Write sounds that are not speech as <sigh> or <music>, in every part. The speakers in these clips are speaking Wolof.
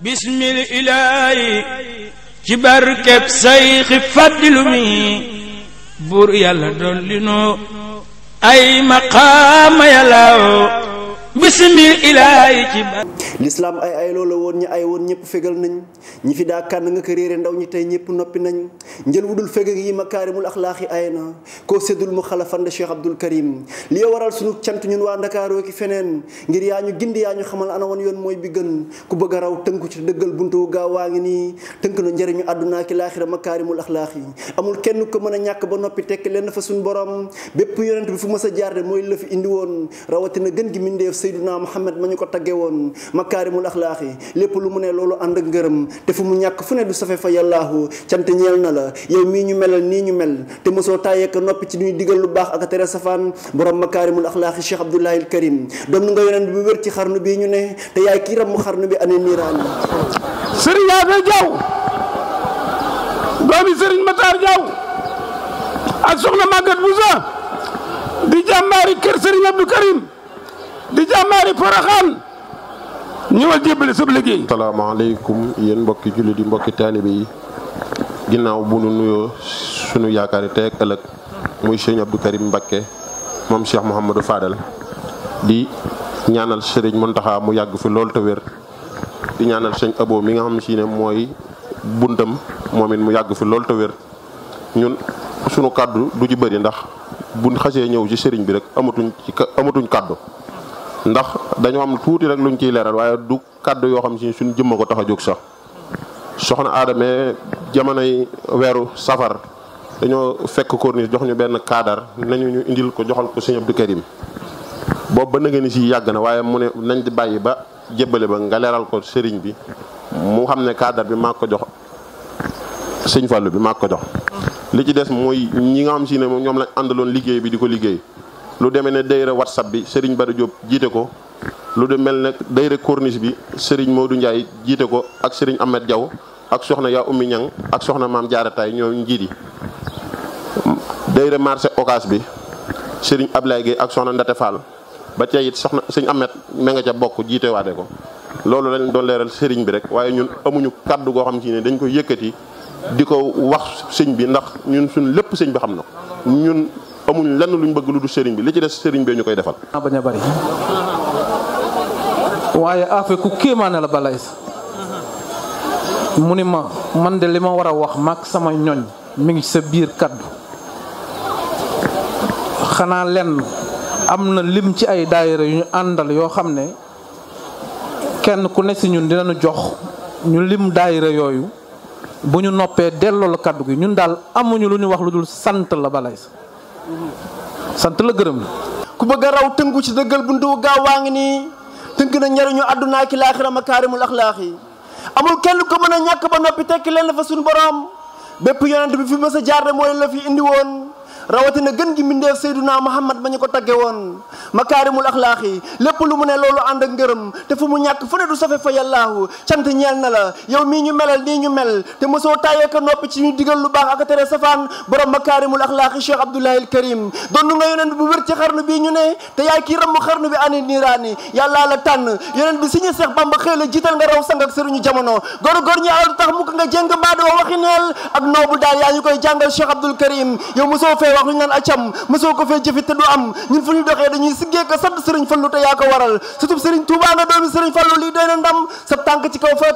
bismil ilaahi ci barkeb sayxi fàddilu mi buur yàlla dolli noo ay maqaama yàlla bismil ilaahi ci lislaam ay ay loola woon ñi ay woon ñëpp fegal nañ ñi fi daa kànn nga ko réere ndaw ñi tey ñëpp noppi nañ njël wudul fegg yi makaarimul axlaaxi ay na koo séddul mu xalafande Cheikh Abdul Karim li waral sunu cant ñun waa Ndakaaroo ki feneen ngir yaa ñu gindi yaa ñu xamal ana woon yoon mooy bi gën ku bëgg a raw tënku ci dëggal buntu gaaw waa ngi nii tënk na njëriñu àddunaa ki laaxira makaarimul axlaax yi amul kenn ko mën a ñàkk ba noppi tekk lenn fa suñu borom bépp yonent bi fu mës a mooy la fi indi woon rawatina gën gi mindeef Seyduna Muhammad ma ñu ko tagge woon makaarimul axlaaxi lépp lu mu ne loolu ànd ak ngërëm te fu mu ñàkk fu ne du safe fa yàllaahu cant ñeel na la yow mii ñu melal nii ñu mel te mosoo tàyyeeka noppi ci ñuy digal lu baax ak tere safaan borom makaarimul axlaaxi cheikh abdullahi al karim doon nga yonent bi wér ci xarnu bii ñu ne te yaay kii ram xarnu bi ane niiraan sëriñ Afe Jaw doomi sëriñ Mataar Jaw ak soxna Maguette Boussa di jàmbaari kër sëriñ Abdou Karim di jàmbaari Porokhane ñëwal jébbale sab liggéey. salaamaaleykum yéen mbokki jullit yi mbokki taalibe yi ginnaaw bu nu nuyoo sunu yaakaari tey ak ëllëg muy sëñ Abdou Karim Mbakke moom Cheikh Mouhamadou Fadal di ñaanal sëriñ Mountakha mu yàgg fi lool te wér sëñ Abo mi nga xam si ne mooy buntam moom mu yàgg fi lool te wér ñun sunu kàddu du ci bëri ndax bu xasee ñëw ci sëriñ bi rek amatuñ amatuñ kàddu. ndax dañoo am tuuti rek luñ ciy leeral waaye du kàddu yoo xam si suñ jëmma ko tax a jóg sax soxna aadame jamonoy weeru safar dañoo fekk corniche jox ñu benn kaadar nañu ñu indil ko joxal ko sëñ Abdou Karim boobu ba nga ni si yàgg na waaye mu ne nañ di bàyyi ba jébbale ba nga leeral ko sëriñ bi mu xam ne kaadar bi maa ko jox sëñ Fallou bi maa ko jox li ci des mooy ñi nga xam si ne moom ñoom lañ àndaloon liggéey bi di ko liggéey lu demee ne dayra whatsapp bi Serigne Bada Diop jiite ko lu de mel ne dayra corniche bi Serigne Modou Ndiaye jiite ko ak sëriñ Ahmed Diaw ak soxna yaa ummi ñang ak soxna maam jaarataay ñoo njiit yi dayra marché occas bi Serigne Ablaye Gueye ak soxna Ndate Fall ba tey soxna sëñ amet ma nga ca bokk jiite waate ko loolu lañ doon leeral sëriñ bi rek waaye ñun amuñu kàddu goo xam ci ne dañ ko yëkkati di ko wax sëñ bi ndax ñun suñ lépp sëñ bi xam na ñun amuñu lenn luñ bëgg lu du sëriñ bi li ci des sëriñ bee ñu koy defal. bañ a bari waaye affaire ku kéemaane la balaay mu ni ma man de li ma war a wax mag sama ñoñ mi ngi sa biir kaddu xanaa lenn am na lim ci ay daayira yu ñu àndal yoo xam ne kenn ku ne si ñun dinañu jox ñu lim daayira yooyu bu ñu noppee delloo kàddu gi ñun daal amuñu lu ñu wax lu dul sant la balaay sant la gërëm la ku bëgg a raw tënku ci dëggal buntu gaaw waa ngi nii tënk na njariñu àdduna ki laaxira a axlaax yi amul kenn ko mën a ñàkk ba noppi tekki leen la fa suñu borom bépp yonent bi fi mës a jaar de mooy la fi indi rawatina gën gi mbindeef Seyduna Muhammad ma ñu ko tagge woon makaarimul axlaaq yi lépp lu mu ne loolu ànd ak ngërëm te fu mu ñàkk fu ne du safe fa yàllaahu cant ñeel na la yow mii ñu melal nii ñu mel te mosoo tàyyee ko noppi ci ñu digal lu baax ak tere safaan borom makaarimul axlaaq yi Cheikh Abdoulahil Karim doon nga yonent bu wér ci xarnu bii ñu ne te yaay kii ramm xarnu bi ani niiraani yàllaa la tànn yonent bi suñu Seex Bamba xëy la jiital nga raw sang ak sëriñu jamono góor góor ñi alal tax mu ko nga jéng mbaa doo waxi koy jàngal Cheikh Abdoul Karim yow mosoo ngay wax lu ñu naan acam mosoo ko fee jëfit te du am ñun fu ñu doxee dañuy siggee ko sant sëriñ fallu te yaa ko waral surtout sëriñ Touba nga doomi sëriñ fallu lii doy na ndam sa tànk ci kaw fa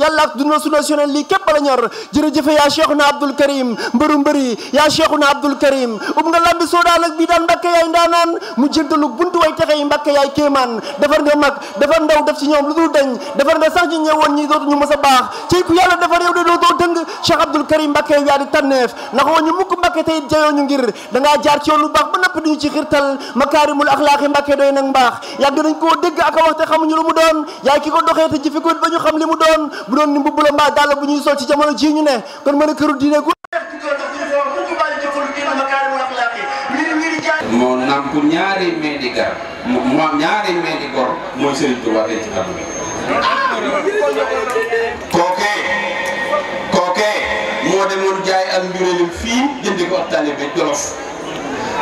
yàlla ak dundal sunu national lii képp la ñor jërëjëfe yaa cheikhuna abdoul karim mbëru mbëri yaa cheikhuna abdoul karim ub um nga lambi soodaan ak bii daan mbàkke yaay ndaanaan mu jëntalu buntu way texe yi mbàkke yaay kéemaan defar nga mag defar ndaw def ci ñoom lu dul dañ defar nga sax ñi ñëwoon ñi dootu ñu mës a baax ci ku yàlla defar yow de dootoo dëng cheikh abdoul karim mbàkke yaa di tànneef naxoo ñu mukk mbàkke tey jayoo ngir da ngaa a bu doon ni mbubb la mbaa dàll bu ñuy sol ci jamono jii ñu ne kon mën a këru diine ko moo nàmp ñaari mee di gar ñaari mee di gor mooy Serigne Touba tey ci àdduna kookee kookee moo demoon jaay ak njuréelam fii jëndi ko ak taalibe Jolof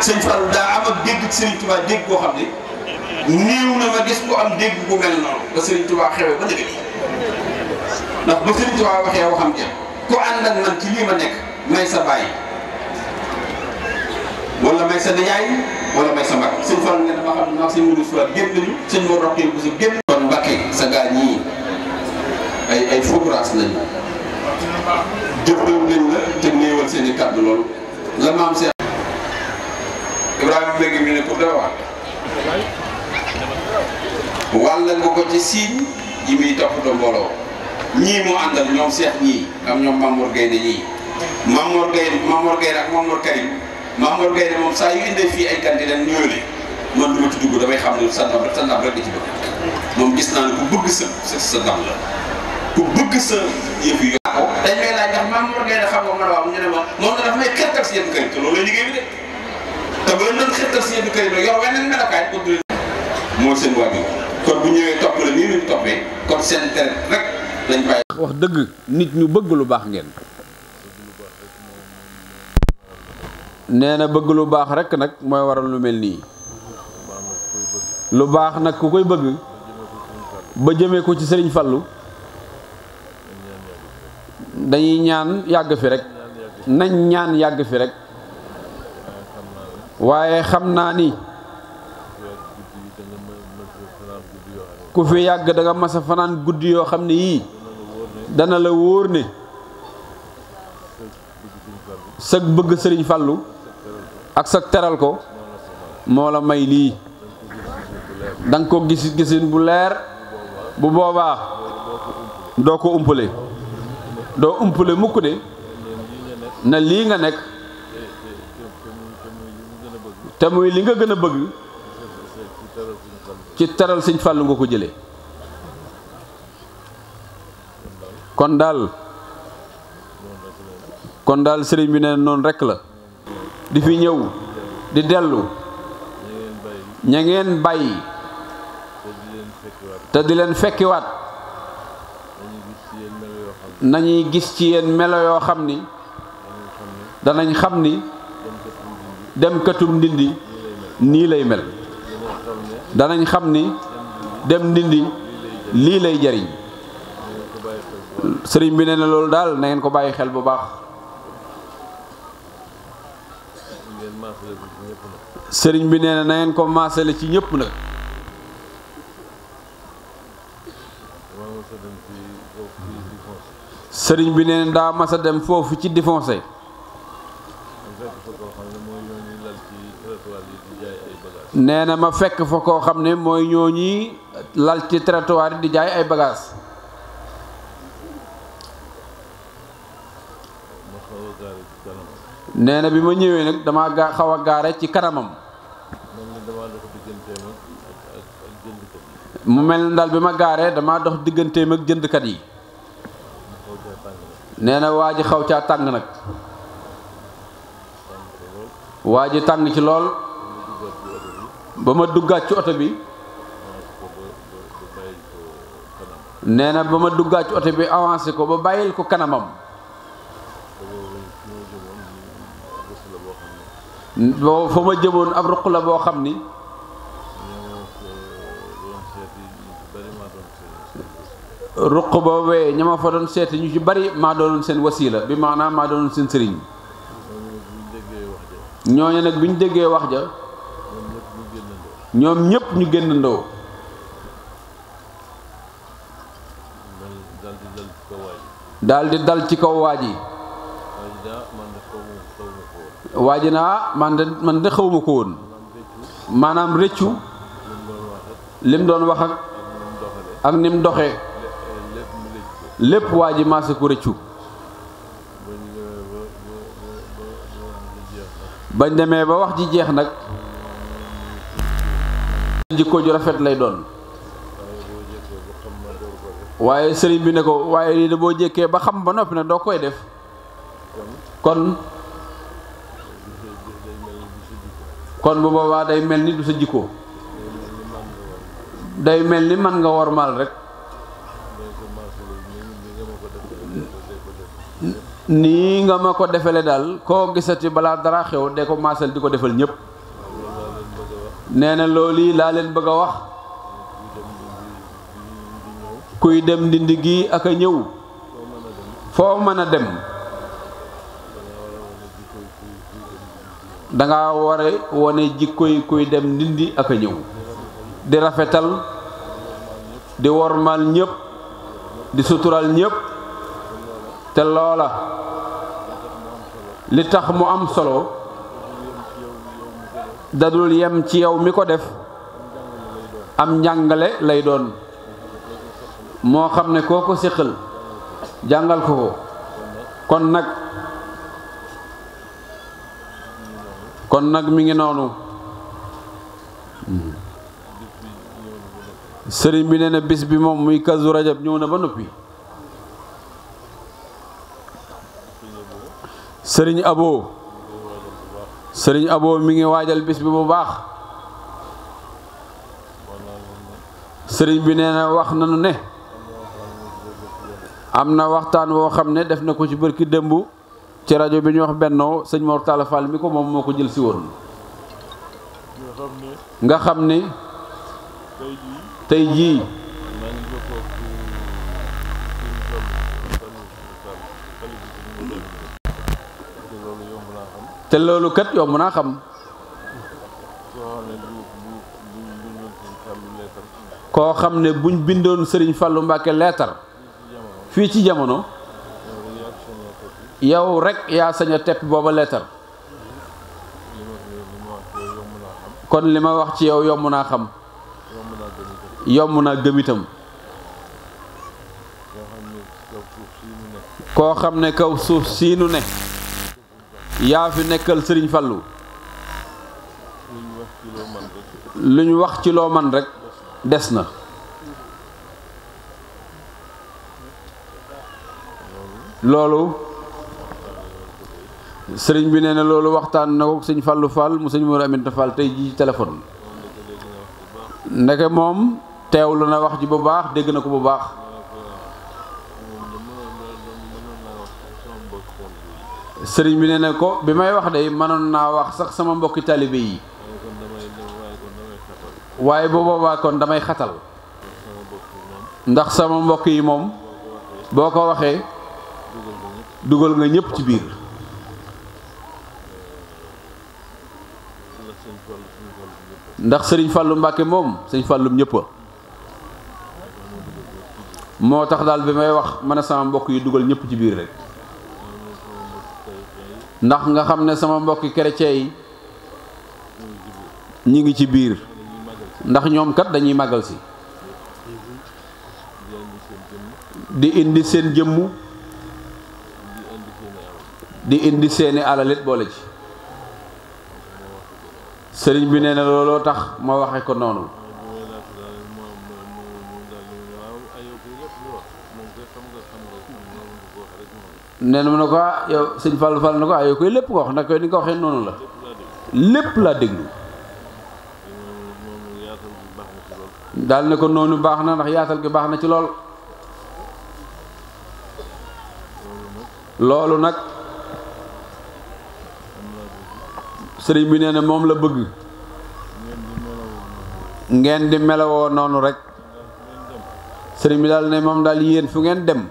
sëñ Fallou am dégg Serigne Touba dégg koo xam ne néew na ma gis ku am dégg bu mel noonu ba Serigne Touba xewee ba léegi ndax ba Sëriñ Tuubaa waxee waxam ja ku ànd man ci lii ma nekk may sa baay wala may sa nijaay wala may sa mag sëñ Fall ne dama xam ne nag sëñ Modou Soula génn nañu sëñ te néewal seen i kàddu loolu la maam Seex Ibrahima Mbengue mi ne dara wax wàll nga ko ci siiñ yi muy toppatoo mbooloo. ñii moo àndal ñoom seet ñii am ñoom Mamour Gueye ne ñii Mamour Gueye Mamour Gueye ak Mamour Karim Mamour Gueye moom saa yu indee fii ay kanti dañ ñëw ne man ci dugg damay xam ne sa ndam rek sa ndam gis naa ne ku bëgg sa sa sa ndam la ku yi na dafa may xettal si yëpp Karim te te ba leen xettal si yëpp Karim yor weneen melokaay ko du leen mooy kon bu ñëwee topp la nii ñu toppee kon seen tere rek wax dëgg nit ñu bëgg lu baax ngeen nee na bëgg lu baax rekk nag mooy waral lu mel nii lu baax nag ku koy bëgg ba jëmee ko ci sëriñ Fallu dañuy ñaan yàgg fi rek nañ ñaan yàgg fi rek waaye xam naa ni ku fi yàgg da nga mas fanaan guddi yoo xam ne yii dana la wóor ne sag bëgg sëriñ fàllu ak sag teral ko moo la may lii danga ko gis gisin bu leer bu boobaa doo ko umpale doo umpale mukk ne na lii nga nekk te muy li nga gën a bëgg ci teral sëñ fàllu nga ko jëlee kon daal kon daal sëriñ bi nee noonu rek la di fi ñëw di dellu ña ngeen bàyyi te di leen fekkiwaat nañuy gis ci yéen melo yoo xam ni danañ xam ni dem katum ndindi nii lay mel danañ xam ni dem ndindi lii lay jariñ sëriñ bi nee na loolu daal nangeen ko bàyyi xel bu baax sëriñ bi nee na na ngeen ko maasale ci ñépp nag sëriñ bi nee daa mas a dem foofu ci défoncé nee na ma fekk fa koo xam ne mooy ñoo ñi lal ci trottoir di jaay ay bagaas nee na bi ma ñëwee nag damaa gaa xaw a gaare ci kanamam. mu mel na daal bi ma gaaree damaa dox digganteem ak jëndkat yi. nee na waa ji xaw caa tàng nag. waa ji tàng ci lool. ba ma duggaat ci oto bi. nee na ba ma duggaat ci oto bi avancé ko ba bàyyil ko kanamam. boo fa ma jëmoon ab ruq la boo xam ni ruq boobee ña ma fa doon seeti ñu ci bari maa doonoon seen wasiila bi maanaam maa doon seen sëriñ ñooñu nag bi ñu déggee wax ja ñoom ñëpp ñu génnandoo daal di dal ci kaw waaj yi waa ji naa man de man de xawma ko woon maanaam rëccu lim doon wax ak ak ni mu doxee lépp waa ji maase ko rëccu bañ demee ba wax ji jeex nag jikko ju rafet lay doon waaye sëriñ bi ne ko waaye lii da boo jékkee ba xam ba noppi nag doo koy def kon kon bu boobaa day mel ni du sa jikko day mel ni man nga wormaal rek nii nga ma ko defale daal koo gisati balaa dara xew de ko maasal di ko defal ñépp nee na loolu yi laa leen bëgg a wax kuy dem ndindi gi ak a ñëw foo mën a dem danga war wone wane jikkoy kuy dem ndindi ak a ñëw di rafetal di wormal ñépp di sutural ñépp te loola li tax mu am solo dadul yem ci yow mi ko def am njàngale lay doon moo xam ne koo ko séqal jàngal ko ko kon nag kon nag mi ngi noonu sëriñ bi nee na bis bi moom muy kazu rajab ñëw na ba noppi sëriñ abo sëriñ abo mi ngi waajal bis bi bu baax sëriñ bi nee na wax nanu ne am na waxtaan woo xam ne def na ko ci bërki dëmb ci rajo bi ñuy wax Bennoo sëñ Mor mi ko moom moo ko jël si woon nga xam ni tey jii te loolu kat yomb naa xam koo xam ne buñ bindoon sëriñ Fallu Mbàkke leetar fii ci jamono yow rekk yaa sañ a tepp booba leetar kon li ma wax ci yow yomb naa xam yomb naa gëm koo xam ne kaw suuf sii nu ne yaa fi nekkal sëriñ Fallu lu wax ci loo man rek des na loolu sëriñ bi nee na loolu waxtaan na ko sëñ falu fal mu sëñ Mourou Aminta Fall tey jii téléphone ndeke moom teewlu na wax ji bu baax dégg na ko bu baax sëriñ bi nee na ko bi may wax de mënoon naa wax sax sama mbokki taalibe yi waaye bu boobaa kon damay xatal ndax sama mbokk yi moom boo ko waxee dugal nga ñépp ci biir ndax sëriñ fàllu mbàkke moom sëriñ fàllum ñëpp moo tax daal bi may wax mën a sama mbokk yi dugal ñëpp ci biir rek ndax nga xam ne sama mbokki kere yi ñi ngi ci biir ndax ñoom kat dañuy màggal si di indi seen jëmm di indi seeni alalit boole ci sëriñ bi nee na looloo tax ma waxe ko noonu nee na mu ne ko ah yow sëñ Fallou na ko ah yow koy lépp ko wax nag koy ni waxee noonu la lépp laa déglu daal ne ko noonu baax na ndax yaatal gi baax na ci lool loolu nag sëriñ bi nee na moom la bëgg ngeen di melawoo noonu rek sëriñ bi daal ne moom daal yéen fu ngeen dem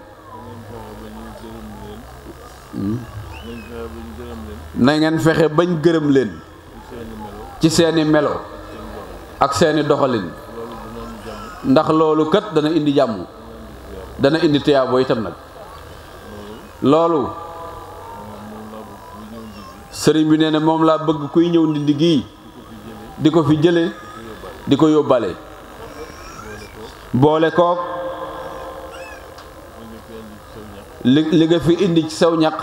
na ngeen fexe bañ gërëm leen ci seeni melo ak seeni doxalin ndax loolu kat dana indi jàmm dana indi tiyaaboo itam nag loolu sëriñ bi nee na moom laa bëgg kuy ñëw ndindi gii di ko fi jële di ko yóbbale boole kook li li nga fi indi ci sew ñaq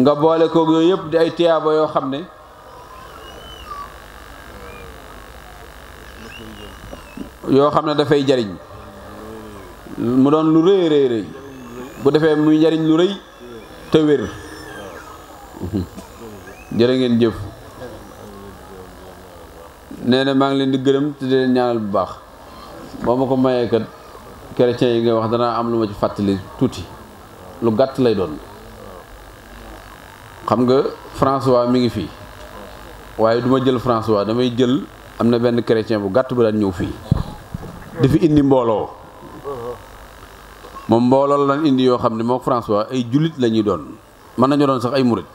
nga boole kook yooyu yëpp di ay tiyaaba yoo xam ne yoo xam ne dafay jariñ mu doon lu rëy rëy rëy bu defee muy njariñ lu rëy te wér jërë ngeen jëf nee na maa ngi leen di gërëm te di ñaanal bu baax boo ma ko mayee kat chrétien yi nga wax danaa am lu ma fàttali tuuti lu gàtt lay doon xam nga François mi ngi fii waaye duma ma jël François damay jël am na benn chrétien bu gàtt bu daan ñëw fii di fi indi mbooloo moom mbooloo la indi yoo xam ne moo François ay jullit la ñuy doon mën nañu doon sax ay murit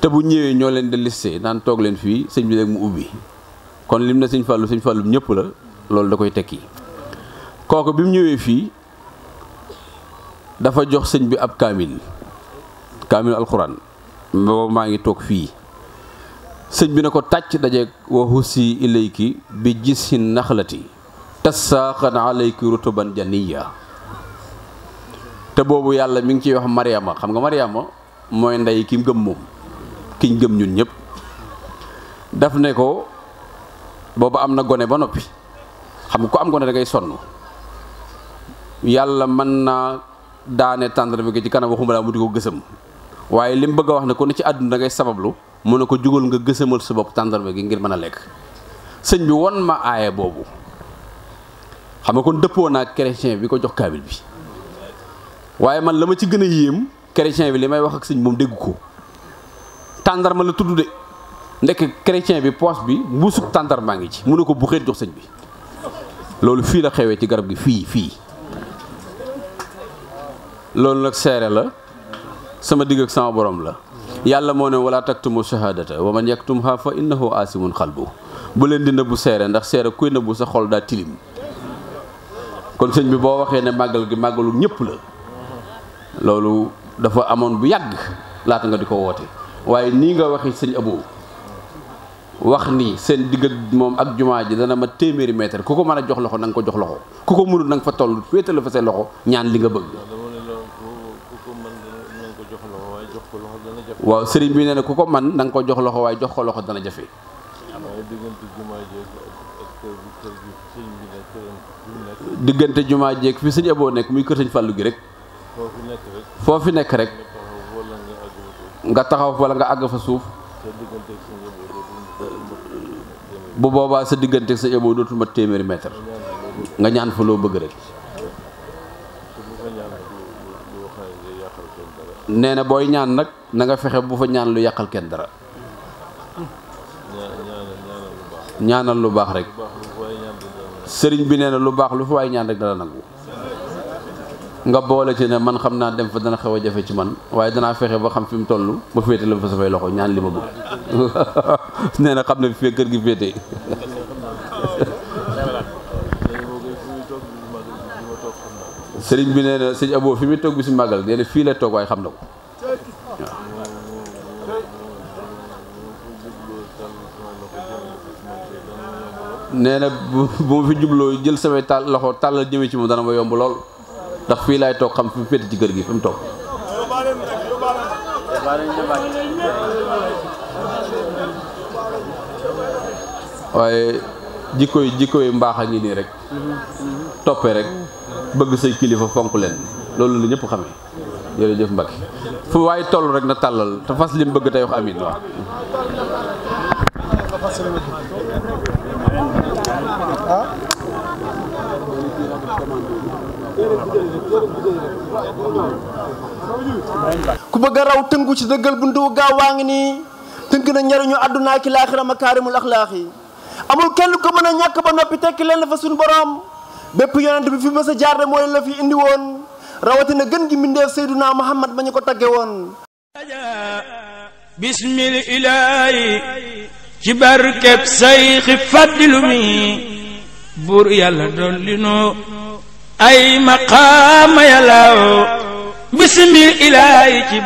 te bu ñëwee ñoo leen di liste naan toog leen fii sëñ bi rek mu ubbi kon lim na sëñ Fallou sëñ Fallou ñëpp la loolu da koy tekki kooku bi mu ñëwee fii dafa jox sëñ bi ab kaamil kaamil alxuraan boobu maa ngi toog fii sëñ bi na ko tàcc dajeeg wa husi ilayki bi gis hin naxlati tassaaxan alayki rutuban janiya te boobu yàlla mu ngi ciy wax Mariama xam nga Mariama mooy ndey ki gëm moom kiñ gëm ñun ñëpp daf ne ko boobu am na gone ba noppi xam nga ko am gone da ngay sonn yàlla mën naa daane tendre bi ci kanam waxuma laa mu di ko gësam waaye li mu bëgg a wax ne ko ne ci àdduna da ngay sabablu mu ne ko jugal nga gësamal sa bopp tàndarme gi ngir mën a lekk sëñ bi won ma aaya boobu xam nga kon dëppoo naa chrétien bi ko jox kaabil bi waaye man la ma ci gën a yéem chrétien bi li may wax ak sëñ moom dégg ko tàndarma la tudd de ndekk chrétien bi poos bi mbuusug tàndarmaa ngi ci mu ne ko bu xeet jox sëñ bi loolu fii la xewee ci garab gi fii fii loolu nag seere la sama digg ak sama boroom la yàlla moo ne wala taktumu shahadata wa man yaktumha fa innahu asimun xalbu bu leen di nëbbu seere ndax seere kuy nëbbu sa xol daa tilim kon sëñ bi boo waxee ne màggal gi màggalu ñépp la loolu dafa amoon bu yàgg laata nga di ko woote waaye nii nga waxee sëñ Abo wax nii seen digg moom ak jumaa ji dana ma téeméeri mètre ku ko mën a jox loxo na nga ko jox loxo ku ko mënul na nga fa toll féetale fa seen ñaan li nga bëgg. waaw sëriñ bi nee na ku man na nga jox loxo waaye jox ko loxo dana jafe. diggante jumaa jeeg fi sëñ Abo nekk muy kër sëñ Fàllu gi rek. foo fi nekk rek nga taxaw wala nga àgg fa suuf bu boobaa sa digganteeg sa ebo dootul mat téeméeri mètre nga ñaan fa loo bëgg rek nee na booy ñaan nag na nga fexe bu fa ñaan lu yàqal kenn dara ñaanal lu baax rek sëriñ bi nee na lu baax lu fa waay ñaan rek dara nangu nga boole ci ne man xam naa dem fa dana xaw a jafe ci man waaye danaa fexe ba xam fi mu toll ma féete la fa safay loxo ñaan li ma bëgg <laughs> nee na fii kër gi féete <laughs> sëriñ bi nee fi muy toog bi si fii la toog waaye xam na ko <laughs> nee na bu ma fi jubloo jël samay tàll loxo tàllal jëme ci moom dana ma yomb lool ndax fii laay toog xam fi féete ci kër gi fi mu toog waaye jikko yi jikko yi mbaax a ngi nii rek toppe rek bëgg say kilifa fonk leen loolu la ñëpp xamee jërëjëf Mbacke fu waaye toll rek na tàllal te fas lim bëgg tey wax amin waaw ah? ku bëgg a raw tënku ci dëggal buntu gaaw waa ngi nii tënk na njariñu àdduna ki laaxira makaarimul axlaax yi amul kenn ko mën a ñàkk ba noppi tekki leen la fa suñu borom bépp yonent bi fi mës a jaar mooy la fi indi woon rawatina gën gi mbindeef Seyduna Muhammad ba ñu ko tagge woon bismil ilaahi ci barkeb say xi fàddilu buur yàlla dolli noo ay maqaama yàllaaw bismil ilaahi ci